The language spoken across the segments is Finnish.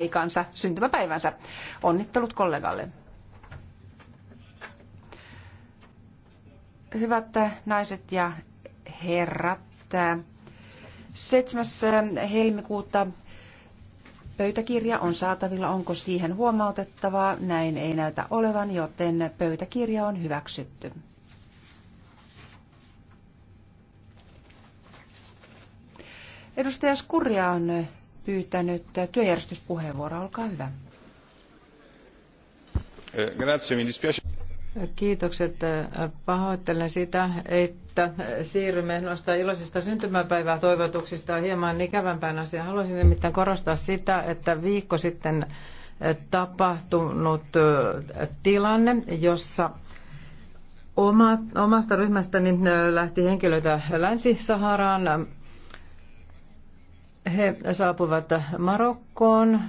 ikansa, syntymäpäivänsä. Onnittelut kollegalle. Hyvät naiset ja herrat, 7. helmikuuta pöytäkirja on saatavilla. Onko siihen huomautettavaa? Näin ei näytä olevan, joten pöytäkirja on hyväksytty. Edustaja Skurja on pyytänyt työjärjestyspuheenvuoroa. Olkaa hyvä. Kiitokset. Pahoittelen sitä, että siirrymme noista iloisista syntymäpäivää toivotuksista hieman ikävämpään asiaan. Haluaisin nimittäin korostaa sitä, että viikko sitten tapahtunut tilanne, jossa oma, omasta ryhmästäni lähti henkilöitä Länsi-Saharaan he saapuvat Marokkoon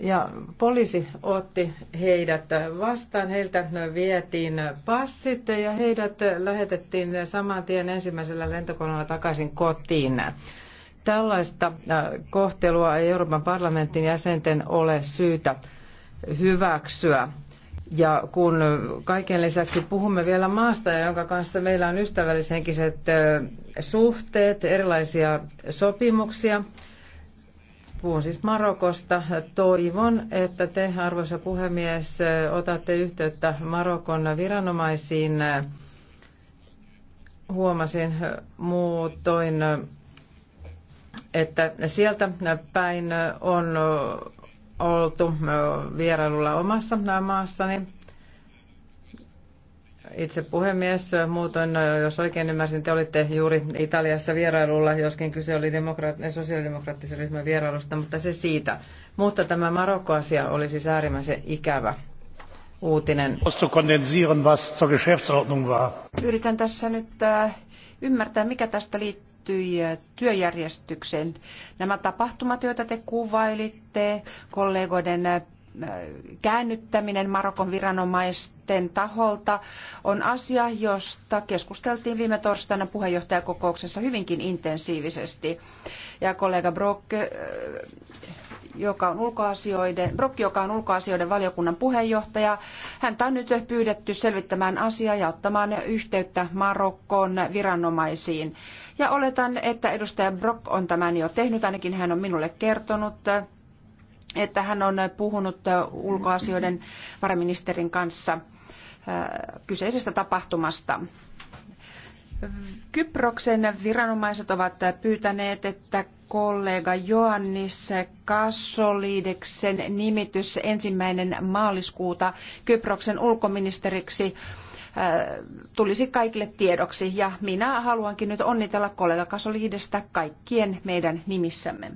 ja poliisi otti heidät vastaan. Heiltä vietiin passit ja heidät lähetettiin saman tien ensimmäisellä lentokoneella takaisin kotiin. Tällaista äh, kohtelua ei Euroopan parlamentin jäsenten ole syytä hyväksyä. Ja kun kaiken lisäksi puhumme vielä maasta, jonka kanssa meillä on ystävällishenkiset äh, suhteet, erilaisia sopimuksia, Puhun siis Marokosta. Toivon, että te, arvoisa puhemies, otatte yhteyttä Marokon viranomaisiin. Huomasin muutoin, että sieltä päin on oltu vierailulla omassa maassani itse puhemies. Muutoin, jos oikein ymmärsin, te olitte juuri Italiassa vierailulla, joskin kyse oli demokraat- sosiaalidemokraattisen ryhmän vierailusta, mutta se siitä. Mutta tämä Marokko-asia oli siis äärimmäisen ikävä uutinen. Yritän tässä nyt äh, ymmärtää, mikä tästä liittyi äh, työjärjestykseen. Nämä tapahtumat, joita te kuvailitte, kollegoiden äh, käännyttäminen Marokon viranomaisten taholta on asia, josta keskusteltiin viime torstaina puheenjohtajakokouksessa hyvinkin intensiivisesti. Ja kollega Brock, joka on ulkoasioiden, Brock, joka on ulkoasioiden valiokunnan puheenjohtaja, häntä on nyt pyydetty selvittämään asiaa ja ottamaan yhteyttä Marokon viranomaisiin. Ja oletan, että edustaja Brock on tämän jo tehnyt, ainakin hän on minulle kertonut että hän on puhunut äh, ulkoasioiden varaministerin kanssa äh, kyseisestä tapahtumasta. Kyproksen viranomaiset ovat pyytäneet, että kollega Joannis Kassolideksen nimitys ensimmäinen maaliskuuta Kyproksen ulkoministeriksi äh, tulisi kaikille tiedoksi ja minä haluankin nyt onnitella kollega Kasolidestä kaikkien meidän nimissämme.